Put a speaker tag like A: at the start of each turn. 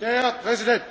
A: Der Herr Präsident!